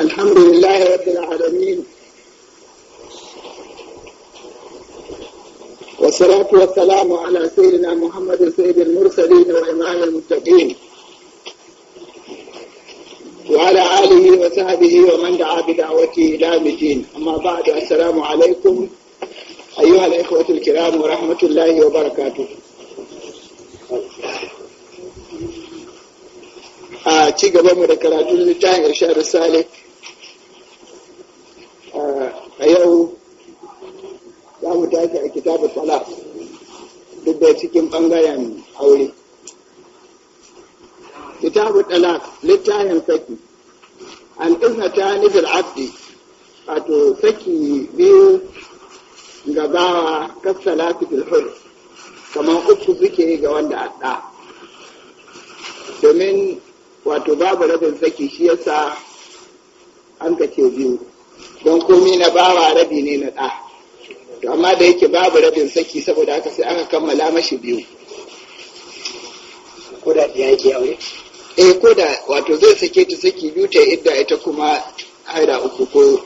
الحمد لله رب العالمين والصلاة والسلام على سيدنا محمد سيد المرسلين وإمام المتقين وعلى آله وصحبه ومن دعا بدعوته إلى الدين أما بعد السلام عليكم أيها الإخوة الكرام ورحمة الله وبركاته a ci gaba mu da karatun littafin irshadu salik salatu fil hur kamar uku suke ga wanda a adda domin wato babu rabin saki shi yasa an ka ce biyu don komi na bawa rabi ne na ɗa to amma da yake babu rabin saki saboda haka sai aka kammala mashi biyu ko da ya ke aure eh ko da wato zai sake ta saki biyu ta idda ita kuma haira uku ko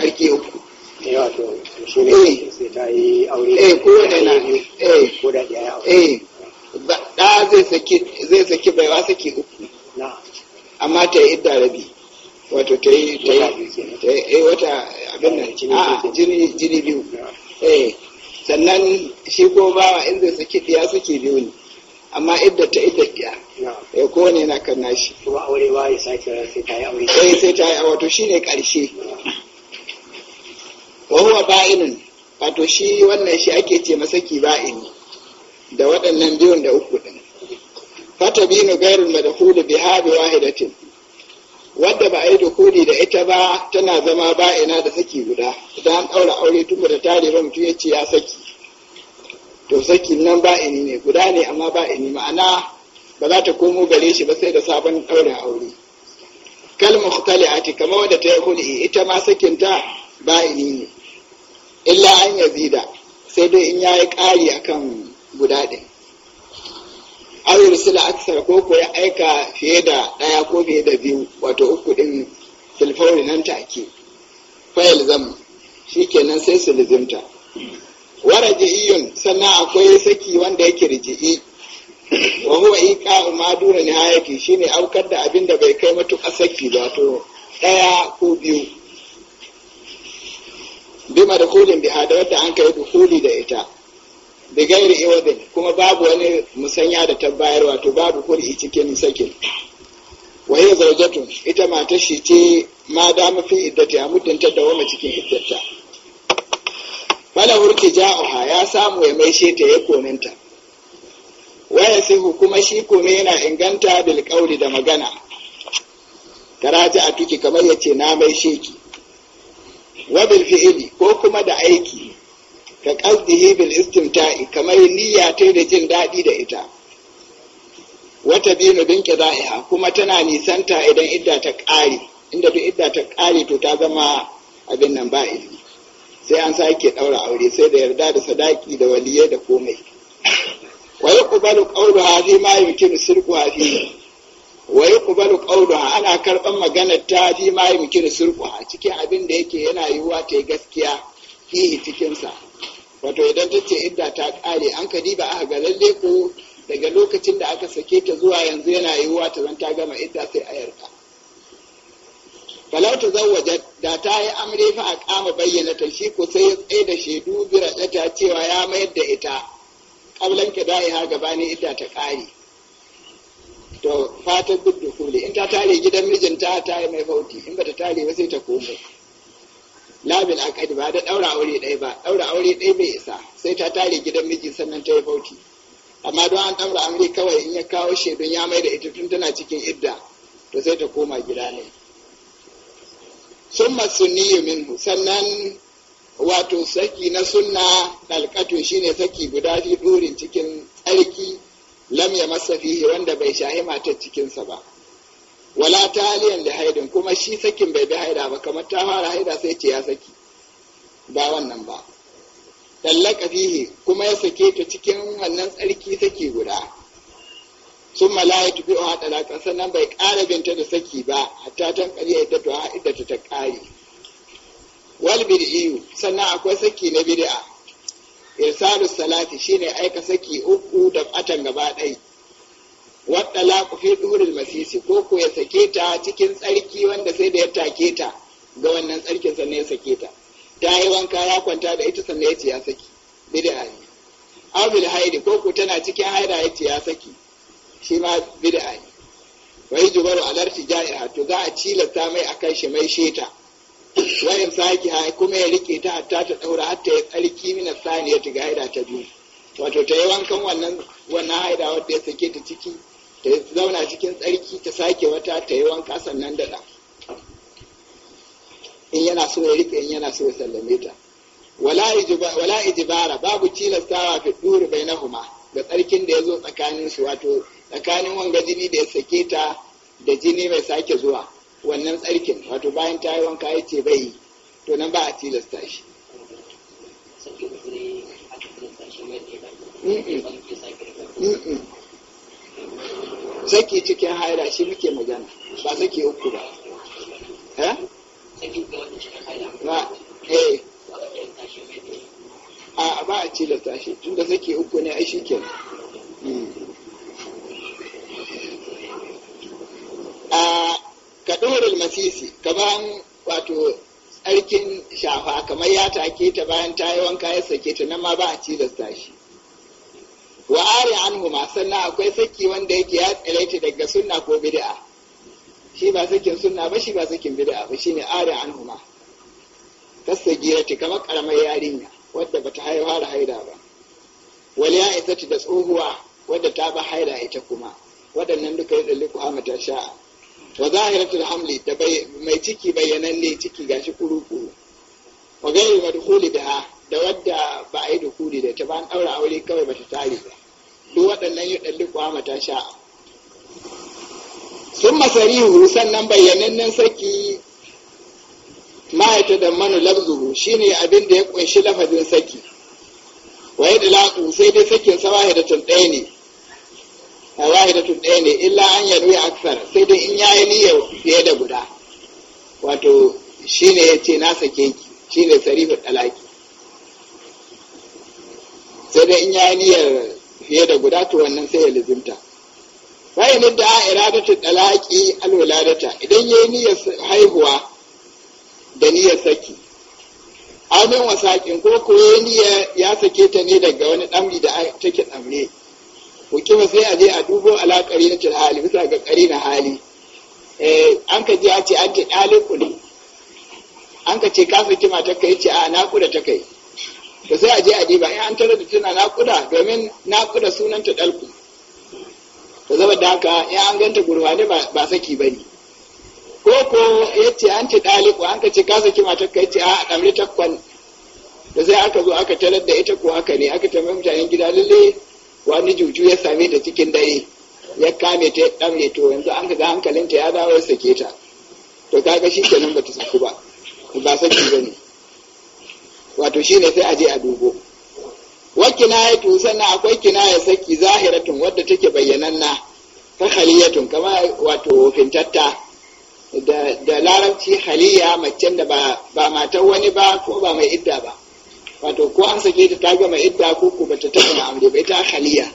narke uku eh wato shi ne eh. eh, da na eh. zai saki zai saki bai wa saki uku amma ta yi idda rabi wato ta yi ta yi wata abin nan jini biyu sannan shi ko bawa in zai saki ɗaya saki biyu ne amma idda ta idda biya. ya kowane na kan nashi kuma aure ya sake sai ta yi aure sai ta yi wato shine karshe wa huwa ba'inun wato shi wannan shi ake ce masa ba'ini da waɗannan biyun da uku din fata binu gairul da biha bi wahidatin wadda ba a yi dukuri da ita ba tana zama ba'ina da saki guda idan an ɗaura aure tun da tare ba mutum ya ce ya saki to saki nan ba'ini ne guda ne amma ba'ini ma'ana ba za ta komo gare shi ba sai da sabon ɗaurin aure kal a kamar wadda ta yi hul'i ita ma sakinta ba'ini ne illa an ya zida, sai dai in ya yi ƙari akan guda ɗin aw yursila aksar ko ko ya aika fiye da ɗaya ko fiye da biyu wato uku ɗin filfauri nan take fayil ke shikenan sai su lizimta ji'iyun sannan akwai saki wanda yake riji'i wa huwa iqa'u ma duna nihayati shine aukar da abin da bai kai matuƙa saki wato ɗaya ko biyu bima da kulin biha da wadda an kai dukuli da ita da gairi iwadin kuma babu wani musanya da ta bayarwa, to babu kuri cikin sakin wa hiya zawjatun ita matar shi ce ma da mafi iddata ya muddin ta dawoma cikin iddata fala hurki ja'uha ya samu ya maishe ta ya konanta. waya sihu kuma shi kome yana inganta bil da magana karaja a tuki kamar yace na mai ki wa fi'ili ko kuma da aiki ka qasdihi bil istimta'i kamar niyya ta da jin daɗi da ita wata binu bin qida'iha kuma tana nisanta idan idda ta ƙare inda duk idda ta ƙare to ta zama abin nan ba ilmi sai an sake ɗaura aure sai da yarda da sadaki da waliye da komai wa yuqbalu qawlu hadhi ma yumkinu sirqu hadhi wa yuqbalu qawluha ana karɓar maganar ta bi ma yumkinu a cikin abin da yake yana yiwuwa ta yi gaskiya fihi cikinsa. wato idan ta ce idda ta ƙare an ka diba aka ga lalle ko daga lokacin da aka sake ta zuwa yanzu yana yiwuwa ta zan ta gama idda sai a yarda falau ta waje da ta yi amre fa a kama bayyana ta shi ko sai ya tsaye da shaidu bira ta cewa ya mayar da ita kablan kida'iha gabanin idda ta ƙare. to fatan da kuli in ta tare gidan mijinta ta yi mai bauti, in bata tare ba sai ta komo Labin akadi ba da daura aure ɗaya ba daura aure ɗaya bai isa sai ta tare gidan mijin sannan ta yi bauti. amma don an daura aure kawai in ya kawo shaidun ya mai da ita tun tana cikin idda to sai ta koma gida ne summa sunniyu minhu sannan wato saki na sunna dalkatu shine saki guda fi durin cikin tsarki lam ya masa fihi wanda bai shahi matar cikinsa ba wala ta haliyan da haidin kuma shi sakin bai bi haida ba kamar ta fara haida sai ce ya saki ba wannan ba tallaka fihi kuma ya sake ta cikin wannan tsarki saki guda sun malaya ta a haɗa laƙa sannan bai ƙara binta da saki ba hatta ta ƙarya ita to haɗa ta ta ƙari wal bid'iyu sannan akwai saki na bid'a irsalu salati shine aika saki uku da atan gaba ɗai wadda laku fi ɗurin masisi ko ko ya sake ta cikin tsarki wanda sai da ya take ta ga wannan tsarkin sannan ya sake ta ta yi wanka ya kwanta da ita sannan ya ce ya saki bid'a ne haidi ko ko tana cikin haida ya ce ya saki shi ma bid'a ne wai jubaru alarti ja'iha to za a cilasta mai akan shi mai sheta wani sake ha kuma ya rike ta hatta ta daura hatta ya tsarki mina sani ya tiga haida ta biyu wato ta yi wankan wannan wannan haida wadda ya sake ta ciki ta zauna cikin tsarki ta sake wata ta yi wanka sannan da in yana so ya rike in yana so ya sallame ta wala ijibara babu tilastawa fi duri bainahuma ga tsarkin da ya zo tsakanin su wato tsakanin wanga jini da ya sake ta da jini mai sake zuwa wannan tsarkin wato bayan ta yi wanka ya ce bai to nan ba a tilasta shi sake cikin haira shi muke magana ba sake uku ba eh? eh. a ba a tilasta shi tunda sake uku ne ai shi ke. Mm. a ka almasisi masisi kaman wato tsarkin shafa kamar ya take ta bayan ta yi wanka ya sake ta nan ma ba a cizasta shi wa ari anhuma sannan akwai saki wanda yake ya tsalaita daga sunna ko bid'a shi ba sakin sunna ba shi ba sakin bid'a ba shi ne ari anhuma ta kamar karamar yarinya wadda bata haifa da haida ba wali ya isa ta da tsohuwa wadda ta ba haida ita kuma waɗannan duka yadda liku amata sha'a wa zahiratul hamli da mai ciki bayyananne ciki gashi kuru-kuru wa gairu madhuli biha da wadda ba a yi dukuli da ta ba an daura aure kawai bata tari ba duk waɗannan yi ɗan kuwa mata sha'a sun masarihu sannan bayyanannen saki ma'aita da manu labzuhu shine abin da ya kunshi lafazin saki wa ya sai dai sakin sawahi da ɗaya ne tun ɗaya ne illa an ya nuyi aksar sai dai in ya yi niyya fiye da guda wato shine ya ce na sake shi shine sarifin ɗalaki sai dai in ya yi niyyar fiye da guda to wannan sai ya lizimta bayan da a iradatun ɗalaki alwaladata idan ya yi niyyar haihuwa da niyya saki amin wasaƙin ko kuwa ya sake ta ne daga wani ɗamri da take ɗamre hukuma sai a je a dubo ala qarinatul hali bisa ga ƙari na hali eh, an ka ji a ce an ke daliku ne an ka ce ka saki mata kai ce a naƙuda ta kai Ba sai a je a ji ba an tara da tuna naƙuda, domin sunan sunanta ɗalku. to zama da haka in an ganta ne ba saki ba ne ko ko ya ce an ce ɗaliku an ka ce ka saki matar ka ce a ɗamri kwan da sai aka zo aka tarar da ita ko haka ne aka tambayi mutanen gida lalle wani juju ya same ta cikin dare ya kame ta ɗamre yanzu an ga hankalinta ya dawo ya sake ta to kaga shi kenan ta saku ba ba saki ne. wato shine sai a je a dubo ya kinayatu sannan akwai kina ya saki zahiratun wadda take bayyananna ta haliyatun kama wato fintatta da, larabci haliya macen da ba, ba matar wani ba ko ba mai idda ba wato ko an sake ta ta gama idda ko ba bata taɓa amre ba ita khaliya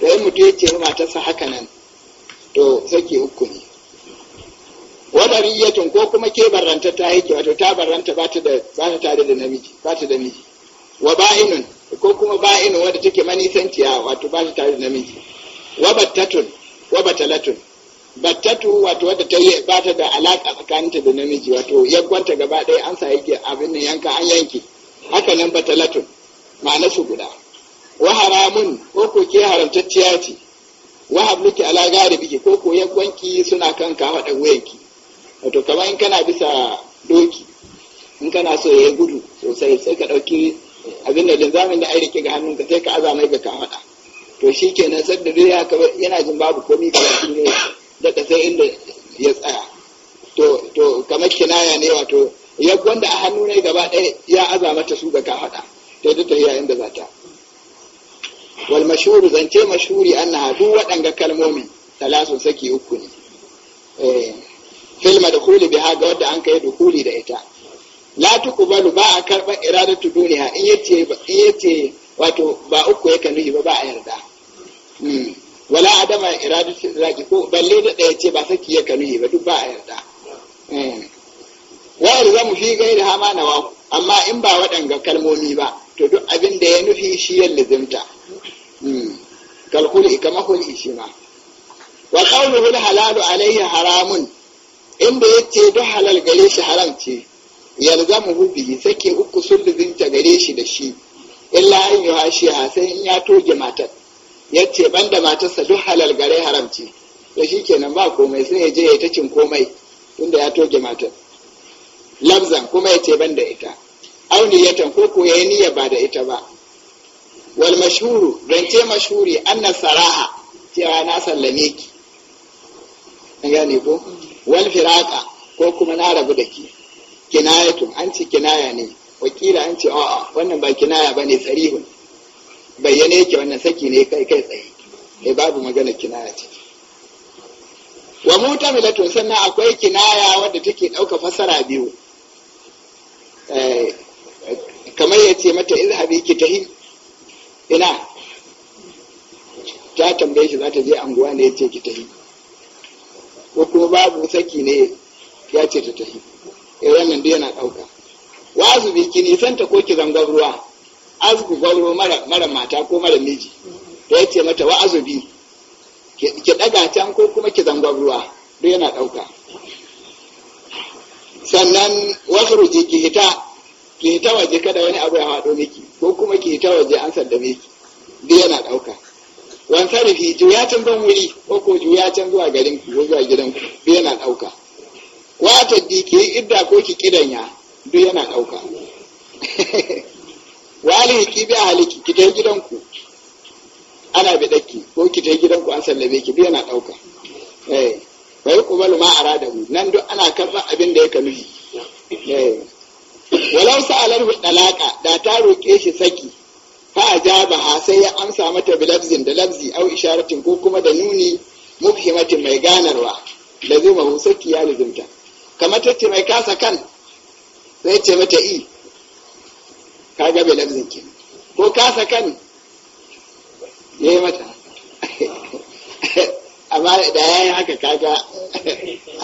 to in mutum ya ta sa haka nan to sake hukumi ne wadariyatun ko kuma ke barranta ta yake wato ta barranta ba ta da ba ta tare da namiji ba ta da miji wa ba'inun ko kuma ba'inun wadda take manisanciya wato ba ta tare da namiji wa battatun wa batalatun battatu wato wadda ta yi ba ta da alaƙa tsakaninta da namiji wato yaggwanta gaba ɗaya an sa yake abin nan yanka an yanke haka nan batalatun ma'ana su guda wa haramun ko ko ke haramtacciya ce wa habluki ala biki ko ko yanki suna kan ka hada wayanki wato kamar in kana bisa doki in kana so ya gudu sosai sai ka dauki abin da linzamin da ai rike ga hannunka sai ka azama ga ka hada to shikenan sai da ya yana jin babu komai ka ne da sai inda ya tsaya to to kamar kinaya ne wato ya wanda a hannu ne gaba ɗaya ya aza mata su ga kafaɗa ta yi yayin da za ta wal mashhur zance mashhuri annaha duk waɗanga kalmomin talasun saki uku ne eh fil madkhuli biha ga wanda an kai dukuli da ita la tuqbalu ba a karba iradatu duniya in yace in yace wato ba uku yake nufi ba ba a yarda hmm. wala adama iradatu zaki ko balle da ɗaya ce ba saki yake nufi ba duk ba a yarda hmm. wa mu fi da hama nawa amma in ba waɗanga kalmomi ba to duk abin da ya nufi shi ya lizimta hmm. kalkuli kama kuli shi ma wa qawluhu halalu alayhi haramun inda ya ce duk halal gare shi haram ce mu bihi sake uku sun lizimta gare shi da shi illa an yi hashe sai in ya toge matar ban da matarsa duk halal gare haram ce to kenan ba komai sai ya je ya ta cin komai tunda ya toge matar lafzan kuma ya ce ban da ita aw niyatan ko ko yayi niyya ba da ita ba wal mashhuru rance mashhuri anna saraha cewa na sallame ki an gane ko wal firaqa ko kuma na rabu da ki kinayatun an ce kinaya ne wakila an ce a'a wannan ba kinaya bane sarihun bayyane yake wannan saki ne kai kai tsaye eh babu magana kinaya ce wa mutamilatu sannan akwai kinaya wadda take ɗauka fasara biyu Eh, kamar ya ce mata izhabi ki tahi ina ta tambaye shi za ta je anguwa ne ya ce ki tahi ko kuma babu saki ne ya ce ta tahi ya eh, wannan duk yana ɗauka wazu bi ki nisanta ko ki zangar ruwa azgu gauro mara, mata ko mara miji da ya ce mata wa'azubi ki ɗaga can ko kuma ki zangar ruwa duk yana ɗauka sannan wasu ki hita ki hita waje kada wani abu ya haɗo miki ko kuma ki hita waje an sanda miki bi yana ɗauka wansa da fi can ban wuri ko ko can zuwa garin ku ko zuwa gidan ku bi yana ɗauka wata di ki idda ko ki kidanya duk yana ɗauka wali ki bi haliki ki tai gidan ku ana ɗaki ko ki tai gidan ku an sallabe ki bi yana ɗauka eh wa yi kubalu ma a mu. nan duk ana karɓar abin da ya ka nuhi eh. walau sa'alar hudalaka da ta roƙe shi saki fa ajaba ha sai ya amsa mata bilabzin da labzi au isharatin ko kuma da nuni mubhimatin mai ganarwa lazima saki ya lazimta kamar ta ce mai kasa kan sai ce mata i ka ga bilabzin ki ko kasa kan ya yi mata amma da ya yi haka kaga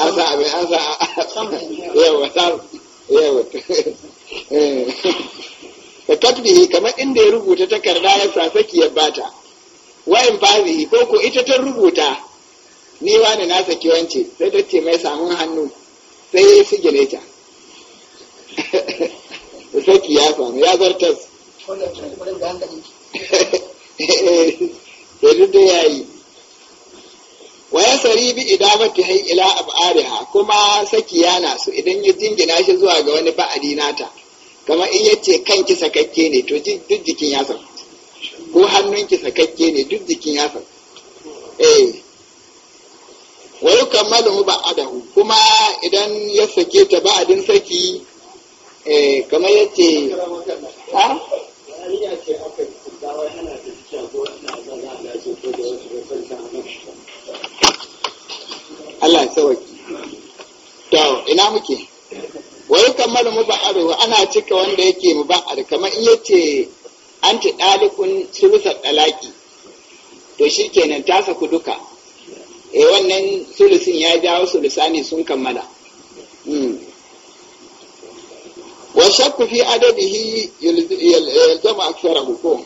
an sa abin an sa yawa sam yawa da kamar inda ya rubuta takarda ya saki ya bata wayan bazi ko ko ita ta rubuta ni wani na saki wance sai ta ce mai samun hannu sai ya fi gine ta saki ya samu ya zartas eh, eh, eh, sai da ya yi wa ya sari bi idamati hai ila ab'ariha kuma saki yana su idan ya jingina shi zuwa ga wani ba'adi nata kamar in yace kanki sakakke ne to duk jikin ya san ko hannunki sakakke ne duk jikin ya san eh wa yukammalu ba'adahu kuma idan ya sake ta ba'adin saki eh kamar yace ha Allah sauki to ina muke wai kamar mu mubahar ana cika wanda yake mu mubahar kamar in yace an ta dalikun sulusa dalaki to shi kenan ta saku duka e wannan sulusin ya jawo sulusani sun kammala hmm. wa shakku fi adadihi yalzama aksara hukum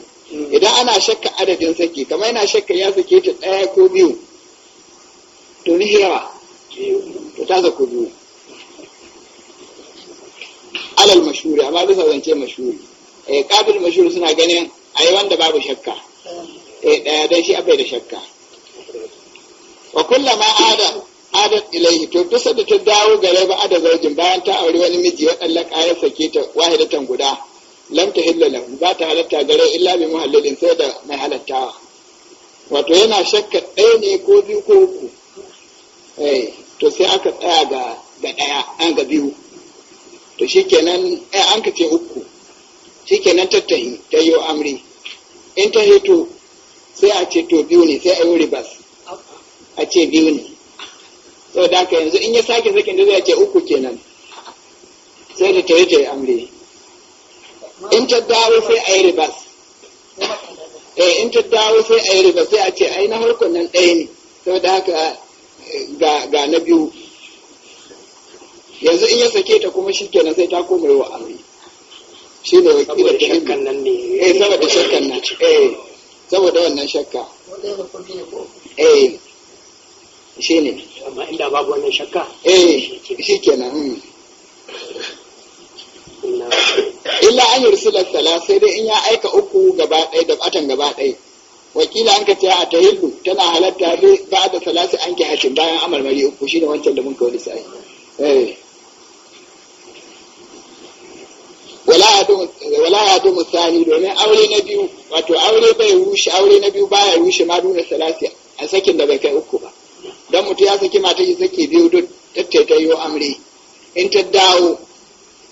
idan ana shakka adadin saki kamar yana shakka ya sake ta ɗaya ko biyu to ni yawa ta zaku kudu alal mashuri amma bisa zance mashuri eh kabil mashuri suna ganin yi wanda babu shakka eh daya don shi abai da shakka wa kullama ada adat ilaihi to bisa da ta dawo gare ba ada zargin bayan ta auri wani miji ya dallaka ya sake ta wahidatan guda lam ta hillala ba ta halatta gare illa bi muhallalin sai da mai halattawa wato yana shakka ɗaya ne ko biyu ko uku Eh, to sai aka tsaya ga ɗaya an ga biyu to shikenan eh an ka ce uku shikenan tattahi ta yi amri in ta hito sai a ce to biyu ne sai a yi ribas a ce biyu ne sau da ka yanzu in ya sake sakin da zai ce uku kenan sai da ta yi ta yi amri in ta dawo sai a yi ribas eh, in ta dawo sai a yi ribas sai a ce ai na harkon nan ɗaya ne sau da haka ga na biyu yanzu in ya sake ta kuma shi kenan sai ta koma wa amri shi ne wakilar da shakkan nan ne eh saboda shakkan nan eh saboda wannan shakka eh shi ne amma inda babu wannan shakka eh shi kenan hmm. illa an yursila sala sai dai in ya aika uku gaba ɗaya da batan gaba ɗaya wakila an ka ce a ta hillu tana halatta ne ba da salasi an ki hashin bayan amal mari uku shi ne wancan da mun kawo lissafi eh. wala ya dumu sani domin aure na biyu wato aure bai rushe aure na biyu baya rushe ma duna salasi a sakin da bai kai uku ba dan mutum ya saki mata yi saki biyu duk yi amri in ta dawo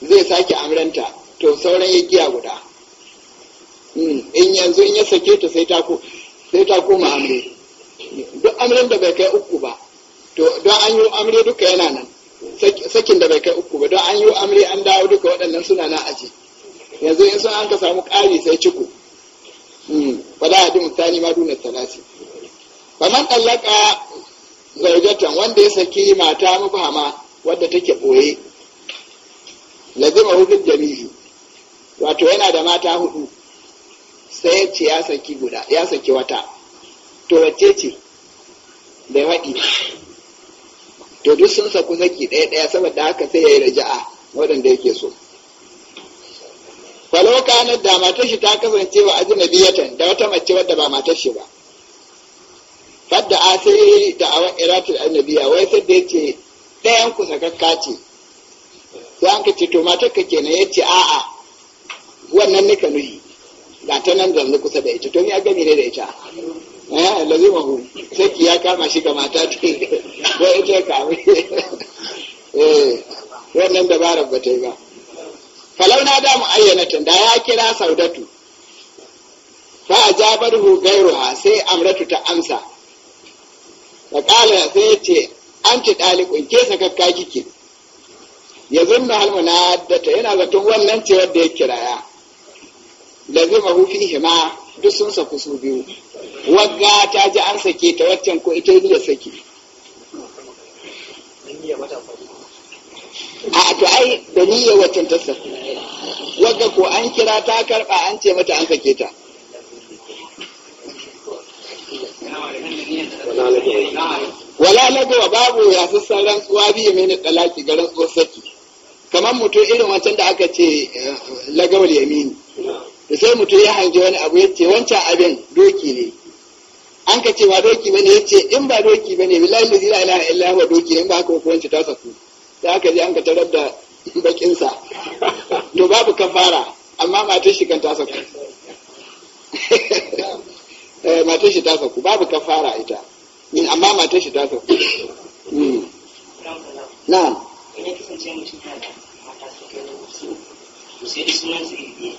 zai sake amranta to sauran ya giya guda in yanzu in ya sake ta sai ta sai ta koma amre duk amren da bai kai uku ba to don an yi amre duka yana nan sakin da bai kai uku ba don an yi amre an dawo duka waɗannan suna na aji yanzu in sun an ka samu ƙari sai ciko hmm, wala ya dimu tani ma duna talasi man ɗallaka zaujatan wanda ya saki mata mubhama wadda take ɓoye lazima hudun jami'i wato yana da mata hudu sai ya ce ya saki guda ya saki wata to wacce ce bai waɗi to duk sun saku saki ɗaya ɗaya saboda haka sai ya yi raja'a waɗanda yake so faloka na da matar shi ta kasance wa ajinabiyatan da wata mace wadda ba matar shi ba fadda a sai da awon iratul annabiya wai sai da yace ɗayan ku sakakka ce sai an ka ce to matar ka kenan yace a'a wannan nika nuhi ga ta nan zanzu kusa da ita to ya gani ne da ita eh lazima hu sai ki ya kama shi ga mata ce ko ita ka eh wannan dabarar ba ta yi ba na da mu ayyanatin da ya kira saudatu fa ajabahu gairuha sai amratu ta amsa wa qala sai yace anti dalikun ke sakakka kike ya zanna halmuna da ta yana zaton wannan ce wanda ya kiraya lazima hu fihi ma duk sun saku su biyu wagga ta ji an sake ta waccan ko ita ya sake a to ai da niyya waccan ta saku wagga ko an kira ta karba an ce mata an sake ta wala lagawa babu ya sassan rantsuwa biyu mai na talaki ga rantsuwar saki kamar mutum irin wancan da aka ce eh, lagawar yamini da sai mutum ya hange wani abu ya ce wancan abin doki ne an ka ce doki bane ya ce in ba doki bane billahi la ilaha illa huwa doki ne in ba haka ko wancan ta saku da aka je an ka tarar da bakin sa to babu kafara amma matar shi kan ta saku eh, matar shi ta saku babu kafara ita min mm, amma matar shi ta saku mm. Na ina kasance mutum ta mata su kai da wasu sai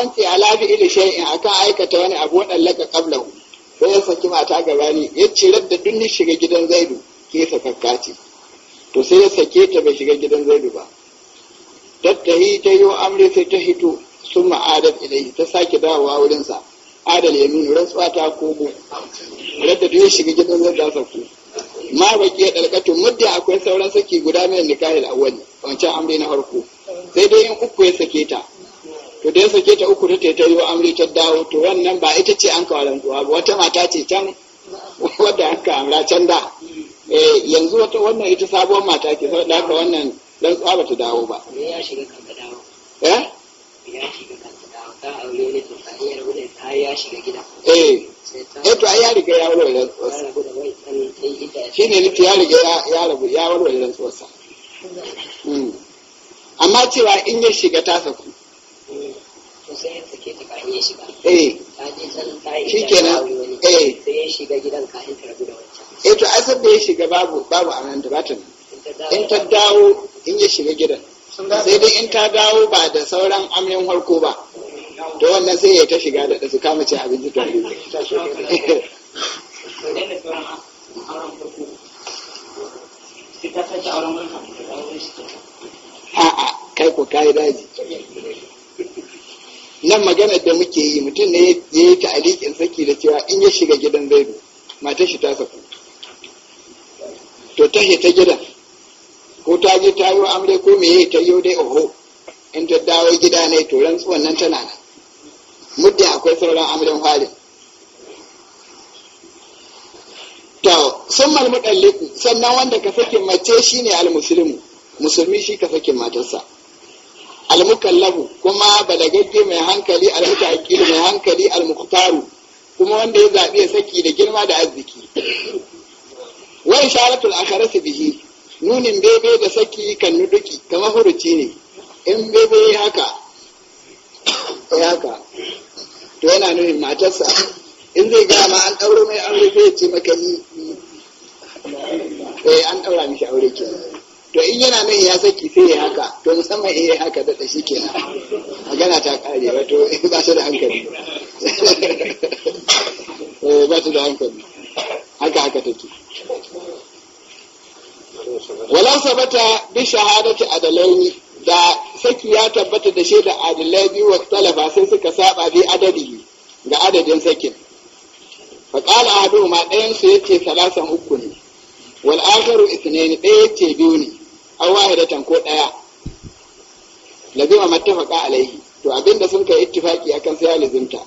rantse ala bi ila shay'in aka aikata wani abu laka qablahu ko ya saki mata gabani ya cirar da dunni shiga gidan zaidu ke sakakkaci to sai ya sake ta bai shiga gidan zaidu ba tattahi ta yi amri sai ta hito sun ma'adar ilai ta sake dawowa wurinsa adal nuna rantsuwa ta kogo radda dunni shiga gidan zaidu ta ku ma baki ya dalkatu muddin akwai sauran saki guda mai nikahil awwali wancan amri na farko sai dai in uku ya sake ta to da ya sake ta uku ta ta yi amri ta dawo to wannan ba ita ce an kawo rantsuwa ba wata mata ce can wadda an ka amra can da eh, yanzu wata wannan ita sabuwar mata ke saboda haka wannan rantsuwa ba ta dawo ba ya shiga kanta dawo eh? ya shiga kanta dawo ta aure ne to ta iya rubuta ta ya shiga gida eh eh to ai ya riga ya warware rantsuwarsa shi ne nake ya riga ya rabu ya warware rantsuwarsa hmm. amma cewa in ya shiga ta saku Eh. Eh. sai eh shikenan sai shiga to asar da ya shiga babu babu nan da batun in ta dawo in ya shiga gidan sai dai in ta dawo ba da sauran amin harko ba to wannan sai ya ta shiga da su kama cin abinci ta yi a'a kai ko kayi daji nan maganar da muke yi mutum ne ya yi ta'alikin saki da cewa in ya shiga gidan zaidu mata shi ta saku to ta ta gidan ko ta je ta yi amre ko me ta yi dai oho in ta dawo gida ne to rantsuwan nan tana nan muddin akwai sauran amren hali. to sun malmuɗan sannan wanda ka sakin mace shine al musulmi shi ka sakin matarsa almukallahu kuma balagagge mai hankali almutaqil mai hankali almuqtaru kuma wanda ya zaɓi ya saki da girma da arziki wa isharatul akharati bihi nunin bebe da saki kan nuduki kamar furuci ne in bebe haka ya haka to yana nuhin matarsa in zai gaya ma an ɗauro mai aure zai ce maka ni eh an ɗaura mishi aure kenan to in yana nan ya saki sai ya haka to musamman in ya haka da shi a magana ta kare wato ba su da hankali eh, ba su da hankali haka haka take wala sabata bi shahadati adalaini da saki ya tabbata da shaida adalai biyu wa talafa sai suka saba bi adadi ga adadin sakin fa qala ahaduhuma ɗayan su yace salasan uku wal akharu ithnain ɗaya yace biyu ne aw wahidatan ko daya lazima mattafaqa alaihi to abinda sun kai ittifaki akan sai ya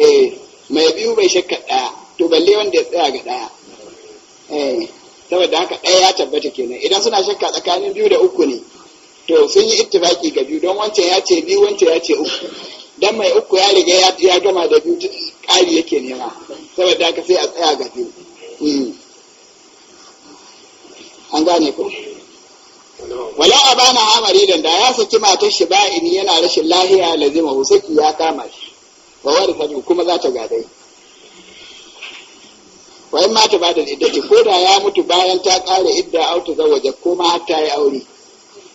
eh mai biyu bai shakka daya to balle wanda ya tsaya ga daya eh saboda haka daya ya tabbata kenan idan suna shakka tsakanin biyu da uku ne to sun yi ittifaki ga biyu don wancan ya ce biyu wancan ya ce uku dan mai uku ya riga ya gama da biyu kari yake nema saboda haka sai a tsaya ga biyu hmm. an gane ko wala abana amari da ya saki matar shi ba'ini yana rashin lahiya lazima saki ya kama shi wani warfani kuma za ta gadai wa mata ba da iddati ko da ya mutu bayan ta kare idda auta ta waje ko ma har ta yi aure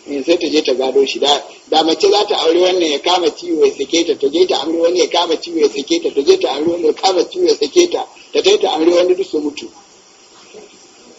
in eh, sai ta je ta gado shi da da mace za ta aure wannan ya kama ciwo ya sake ta ta je ta amri wani ya kama ciwo ya sake ta ta je ta amri wani ya kama ciwo ya sake ta ta je ta amri wani duk su mutu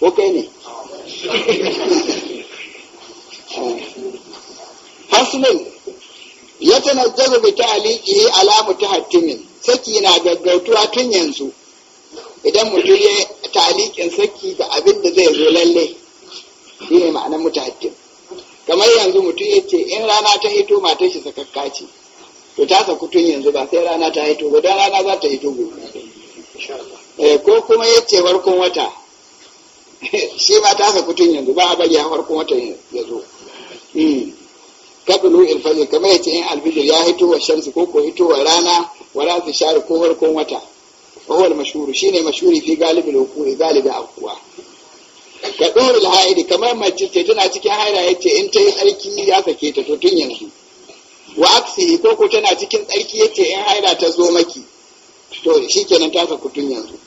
ko ne hasmin ya tana ta bi alamu ta mutahattimin saki na gaggautuwa tun yanzu idan mutum ya talikin saki ga abin da zai zo lalle shi ne ma'anar mutahattim kamar yanzu mutum ya ce in rana ta hito ta shi sakakka ce to ta saku tun yanzu ba sai rana ta hito ba don rana za ta hito gobe eh, ko kuma ya ce barkon wata shi ma ta haka kutun yanzu ba a bari an farkon watan ya zo hmm. kabulu ilfajir kamar yace in Albijir ya hito wa shamsu ko ko hito wa rana wa su shari ko farkon wata wawal mashuru ne mashuri fi galibi hukuri galibi akuwa ka ɗora lahaidi kamar mace ce tana cikin haira ya ce in ta yi tsarki ya sake ta tun yanzu wa aksi ko ko tana cikin tsarki ya ce in haira ta zo maki to shi kenan ta saku tun yanzu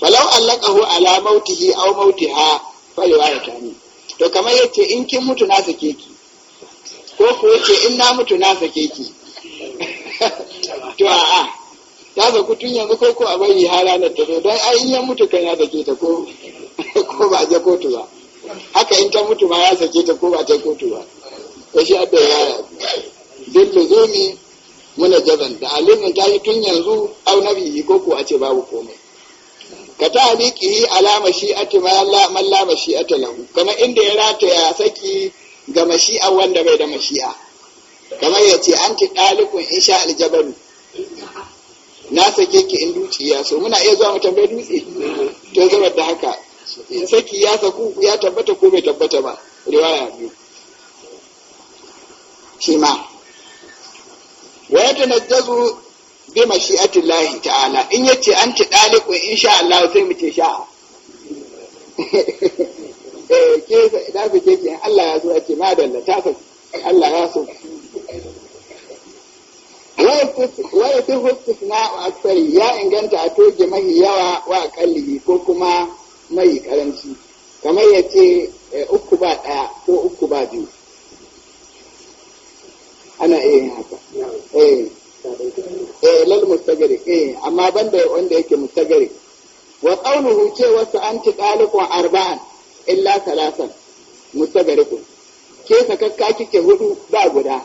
falau allaqahu ala mautihi aw mautiha fa ni. to kamar yace in kin mutu na sake ki ko ko yace in na mutu na sake ki to a'a ta zaku tun yanzu ko ko a bari hala na ta don ai in ya mutu kan ya sake ta ko ko ba je kotu ba haka in ta mutu ma ya sake ta ko ba ta kotu ba ko shi abin ya din zumi muna jazan da alimin ta yi tun yanzu au nabi ko ko a ce babu komai ka ta liƙihi alama shi'ati man la mashi'ata lahu kamar inda ya rataya saki ga mashi'a wanda bai da mashi'a kamar ya ce an ki ɗalikun in sha aljabaru na sake ki in dutse ya so muna iya zuwa mu tambayi dutse to zama da haka in saki ya saku ya tabbata ko bai tabbata ba riwaya biyu shi ma wa yatanajjazu bi mashi'atin lahi ta'ala in yace an ci in sha Allah sai mu ce sha eh ke da ku ke Allah ya zo a ce madalla ta fa Allah ya so waya fi hustusna a aksari ya inganta a toge mahi yawa wa akalli ko kuma mai karanci kamar ya ce eh, uku ba ɗaya ko uku ba biyu ana iya yin haka eh. eh lal mustagari eh amma banda wanda yake mustagari wa qawluhu ce wasu anti qalikun arba'an illa salasan ku. ke kakka kike hudu ba guda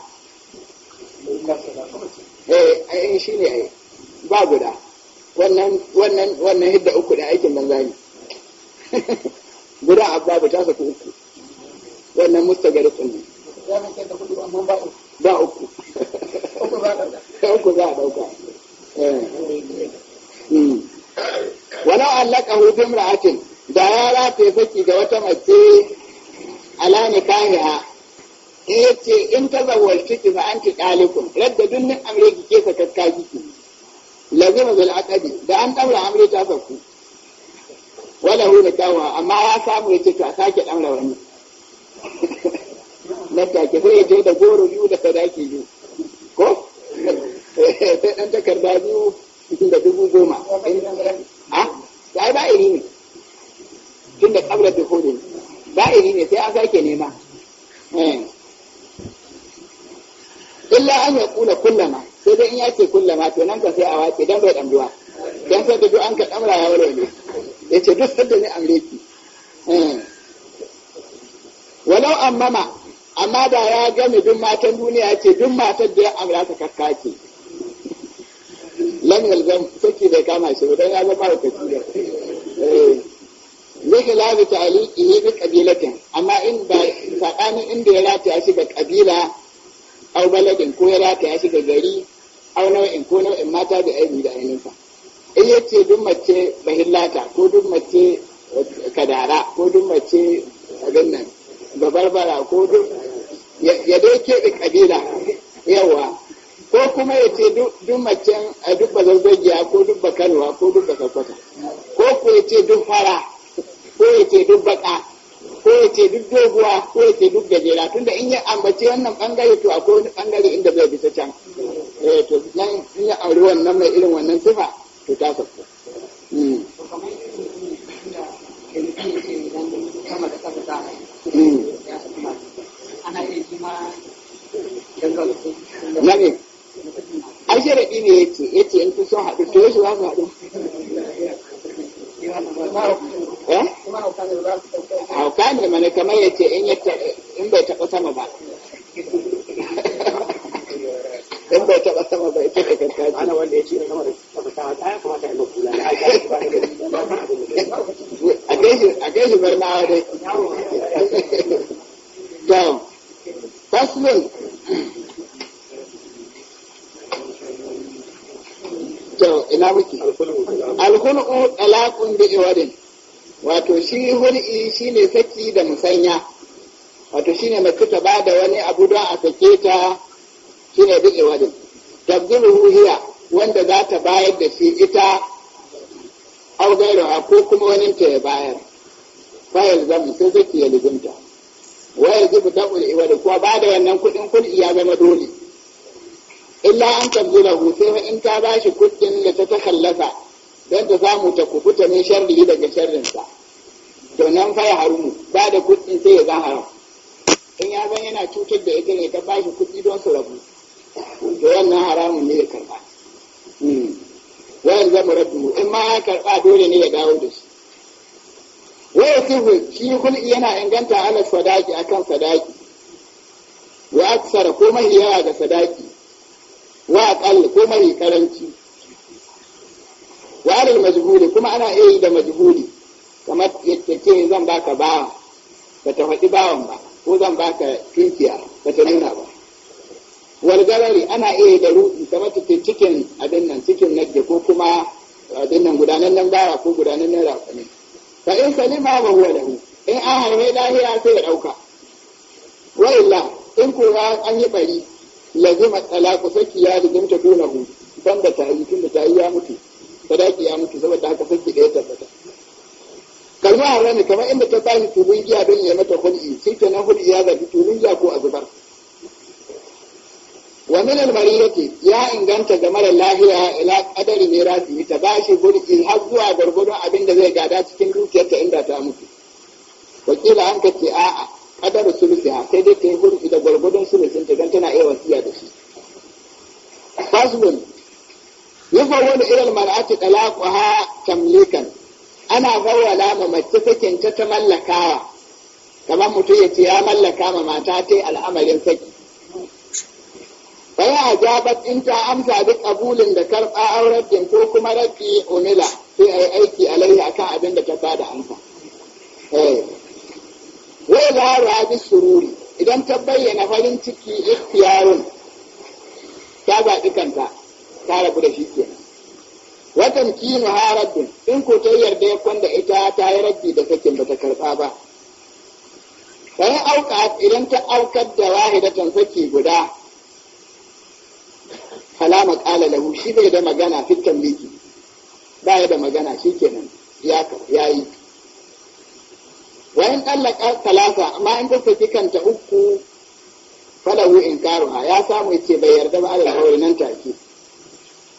eh shi ne ai ba guda wannan wannan wannan hidda uku da aikin banza guda abba ba ta saku uku wannan mustagrikun ne ba uku uku za a ɗauka eh. hmm. wala allaka da ya rafe saki ga wata mace ala nikahiha in yace in ta zawalci ki fa anti dalikun radda dunnin amre ki ke sakakka jiki. lazima bil aqdi da an ɗaura amre ta sakku wala hu nikawa amma ya samu yace to a sake daura wani ta ke sai ya je da goro biyu da sadaki biyu ko sai ɗan takarda biyu da dubu goma a sai ba iri ne tun da kabla da hudu ba iri ne sai an sake nema eh. illa an ya kula kullama sai dai in ya ce kullama to nan ka sai a wace dan bai ɗanduwa dan sai da duk an ka ɗamra ya warware ya ce duk sadda ne amreki eh. walau ammama amma da ya gami duk matan duniya ce duk matan da ya amra ta kakkake lan yalzam saki bai kama shi don ya zama da da eh. zai khilafi ta'liqihi bi kabilatin amma in ba sakanin inda ya rataya shi ga kabila aw baladin ko ya rataya shi ga gari aw nau'in ko nau'in mata da aibi da ainihinsa in ce duk mace bahillata ko duk mace kadara ko duk mace a nan babarbara ko duk ya dai keɓe kabila yawa ko kuma ya ce duk macen a duk bazargajiya ko duk bakarwa ko duk basakwata ko ku ya ce duk fara ko ya ce duk baka ko ya ce duk doguwa ko ya ce duk gajera tunda in ya ambace wannan bangare to akwai wani bangare inda zai bisa can eh to nan in ya auri wannan mai irin wannan sifa to ta sauko Mm. na ne ai ne ya ce ya ce in haɗu to za su haɗu eh? hauka ne mana kamar ya ce in bai taɓa sama ba in bai taɓa sama ba ana wanda ya ce sama da a gaishe barnawa dai yau to ina muke alhulu talaqun bi iwadin shi hul'i shine saki da musanya wato shi ne mace ta bada wani abu don a sake ta shine bi iwadin tabdiluhu ruhiya wanda za ta bayar da shi ita au gairawa ko kuma wani ta ya bayar Bayar zama sai zaki ya ligunta wayar zubu dabul iwadi kuwa ba da wannan kuɗin kul'i ya zama dole illa an tabbila sai in ta ba shi kuɗin da ta ta kallasa don ta samu ta kufuta ne sharri daga sharrinsa to nan fa ya mu ba da kuɗin sai ya zan haram in ya zan yana cutar da ita ne ta ba shi kuɗi don su rabu to wannan haramun ne ya karɓa hmm. wayan zama rabu in ma ya karɓa dole ne ya dawo da shi wa yasihu shi hul'i yana inganta ala sadaki akan sadaki wa aksara ko mai yawa ga sadaki wa aqall ko mai karanci wa al majhuli kuma ana iya yi da majhuli kamar yadda ce zan baka ba ba ta faɗi bawan ba ko zan baka kinkiya ba ta nuna ba walgarari ana iya da ruɗi kamar ta cikin abin nan cikin nagge ko kuma abin nan gudanar nan bawa ko gudanar nan rafa fa in salima wa huwa lahu in an harbe lahiya sai ya dauka wa illa in ko an yi bari lazima talaku saki ya lazimta dunahu ban da tayi tun da tayi ya mutu sadaki ya mutu saboda haka saki da ya tabbata kalma harami kamar inda ta tashi tulun giya don ya mata hul'i sai ta na hul'i ya zabi tulun giya ko azubar wa min al-mariyati ya inganta ga mara lahiya ila qadari mirasi ta bashi burki har zuwa gurgurun abinda zai gada cikin dukiyarta inda ta mutu wakila an ka ce a'a qadaru sulusiha sai dai ta yi burki da gurgurun sulusin ta dan tana iya wasiya da shi fasbun yufawwalu ila al-mar'ati talaquha tamlikan ana fawwala ma mace sakin ta mallakawa kamar mutum ya ce ya mallaka ma mata ta al'amarin saki sai a jabat in ta amsa duk abulin da karɓa auren ko kuma rafi umila sai a yi aiki a a kan abin da ta bada amsa eh. wai a bi sururi idan ta bayyana farin ciki ikhtiyarun ta zaɓi kanta ta rabu da shi kenan watan kinu harabbin in ko ta yarda ya kwanda ita ta yi rabbi da sakin bata karɓa ba sai auka idan ta aukar da wahidatan saki guda fala kala lahu shi bai da magana fitan liki ba ya da magana shi kenan ya yi wayan ɗallaka talata amma in ta saki kanta uku falahu in ya samu yace bai yarda ba Allah hawai nan take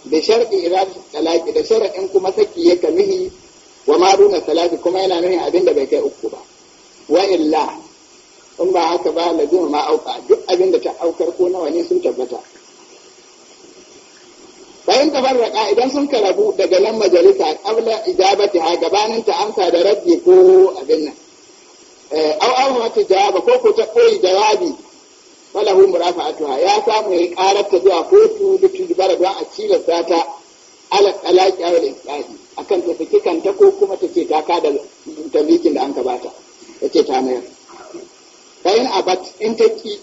da sharɗi idan talaki da sharaɗin kuma saki ya kamihi wa ma duna talaki kuma yana nuni abin da bai kai uku ba wa illa in ba haka ba lazima ma auka duk abin da ta aukar ko nawa ne sun tabbata bayan tafarraka idan sun karabu daga nan majalisa kabla ijabati ha gabanin ta amsa da rabbi ko abin nan eh, au au mata jawaba ko ko ta koyi jawabi falahu murafa'atuha ya samu yi karar ta zuwa kotu da tilbara don a cilasta ta ala talaqi a al-isqadi akan ta fiki ko kuma ta ce ta kada talikin da an ka bata ta ce ta mayar bayan abat in ta ki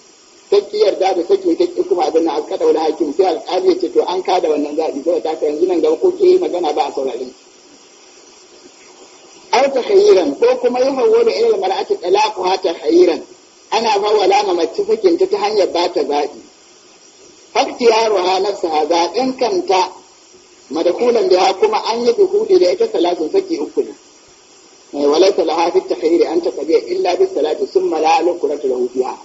kake yarda da sake kake kuma abin nan aka daula hakim sai alƙali ya ce to an kada wannan zaɓi sai ta ka yanzu nan ga ko ke magana ba a saurare aw ta khayran ko kuma ya hawwala ila mar'ati talaquha ta khayran ana fawala ma mace ta hanyar ba ta zaɓi faktiyaruha nafsaha zaɓen kanta madakulan da kuma an yi duhudi da ita salatin saki uku ne eh, walaita laha fi takhayyuri an taqdiya illa bi salati summa la lukratu lahu fiha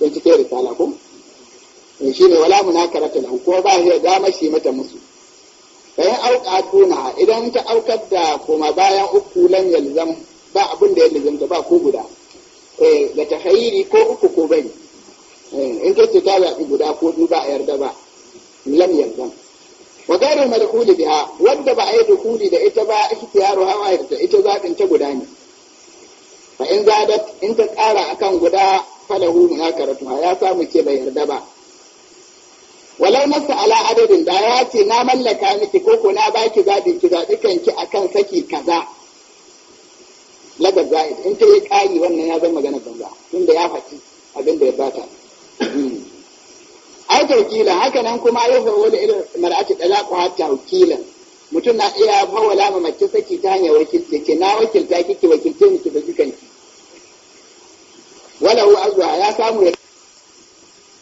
don cikin risala ko in eh, shi ne wala karata lahu ko ba shi da dama shi mata musu auka tuna idan ta aukar da kuma bayan uku lan yalzam ba abin da ya lazimta ba ko guda eh da tahayyiri ko uku ko bai eh, in ka ce ta zaɓi guda ko biyu ba a yarda ba lan yalzam wa gairu madkhuli biha wanda ba ayi dukuli da ita ba ikhtiyaru hawa ita zaɓin ta guda ne fa in zadat in ta ƙara akan guda falahu muhakaratuha ya samu ke bai yarda ba walau nasu ala adadin da ya ce na mallaka miki ko ko na baki zabi ki zabi kanki akan saki kaza laga zai in ta yi kari wannan ya zama magana banza tunda ya faɗi abin da ya bata hmm. ai tawkila haka nan kuma ya fa da irin mar'ati har hatta wakilan mutum na iya fawala ma mace saki ta hanyar wakilce ke na wakilta kike wakilce miki ki kanki walahu azwa ya samu ya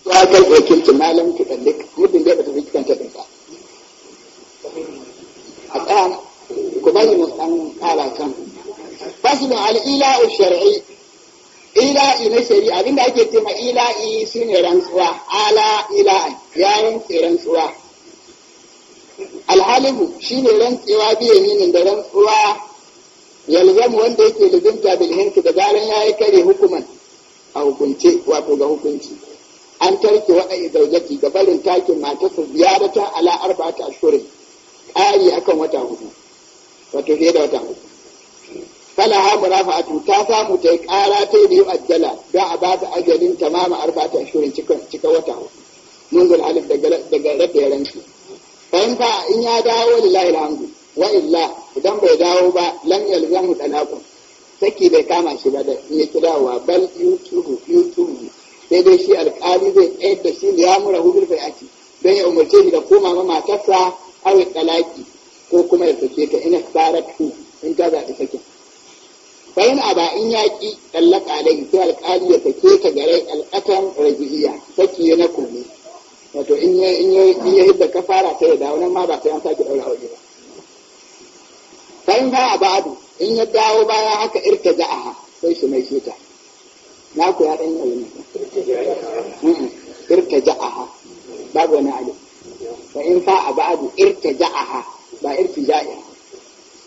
wa kai wakilci malam ki tallik muddin da bata fi ta dinka a tsaya ku bari mu san kala kan fasilun al'ila'u shar'i ila'i na shari'a abinda ake ce ma ila'i shine rantsuwa ala ila'i ya rantsi rantsuwa alhalibu ne rantsewa biye ne da rantsuwa yalzamu wanda yake lizinta bil hinki da garin yayi kare hukuman a hukunce wato ga hukunci an tarke waɗai zaujaki ga barin takin matarsa ziyarata ala ta ashhurin ƙari akan wata hudu wato fiye da wata hudu fala ha murafa'atu ta samu ta yi ƙara ta yi biyu ajjala don a ba ta ajalin tamama arba'ata ashhurin cikin cikin wata hudu munzul alif daga rabbi ya ranci fa in ya dawo lillahi alhamdu wa illa idan bai dawo ba lan yalzamu talaqun saki bai kama shi ba da ya kirawa bal yutubu yutubu sai dai shi alƙali zai tsayar da shi ya mura hudur fai'ati don ya umarce shi da koma ma matarsa awi talaki ko kuma ya sake ka ina saratu in ta zaɓi sakin bayan a ba in yaƙi tsallaka alaihi sai alƙali ya sake ka gare alƙatan rajihiya saki na kome wato in ya hidda fara ta ya dawo nan ma ba sai an sake ɗaura waje ba sai a abadu in ya dawo baya haka irta ja'aha sai shi mai shuta na ku ya dan yawa wani. irta ja'aha babu wani abu. fa in fa abadu irta ja'aha ba irti ja'i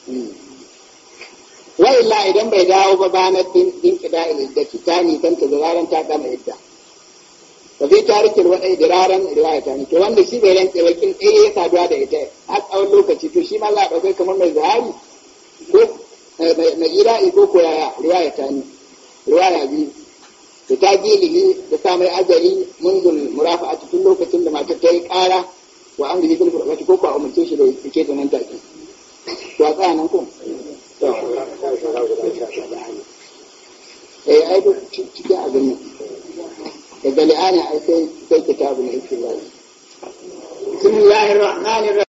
mm. wa illa idan bai dawo ba na din kida'il da kitani kan ta zararan ta kama idda ba zai tarikin waɗai diraran riwaya ta to wanda shi bai ranke wakin ɗaya ya saduwa da ita har tsawon lokaci to shi ma za a ɗaukai kamar mai zahari ko eh, mai ira'i ko ko yaya riwaya ta ni riwaya biyu da ta gilili da ta mai ajali munzul murafa a cikin lokacin da matar ta yi kara wa an gidi bil wata ko ko umarce shi da yake da nan take to a tsaya nan ko to eh ai duk cikin abin nan daga li'ana ai sai sai kitabul hikma bismillahir rahmanir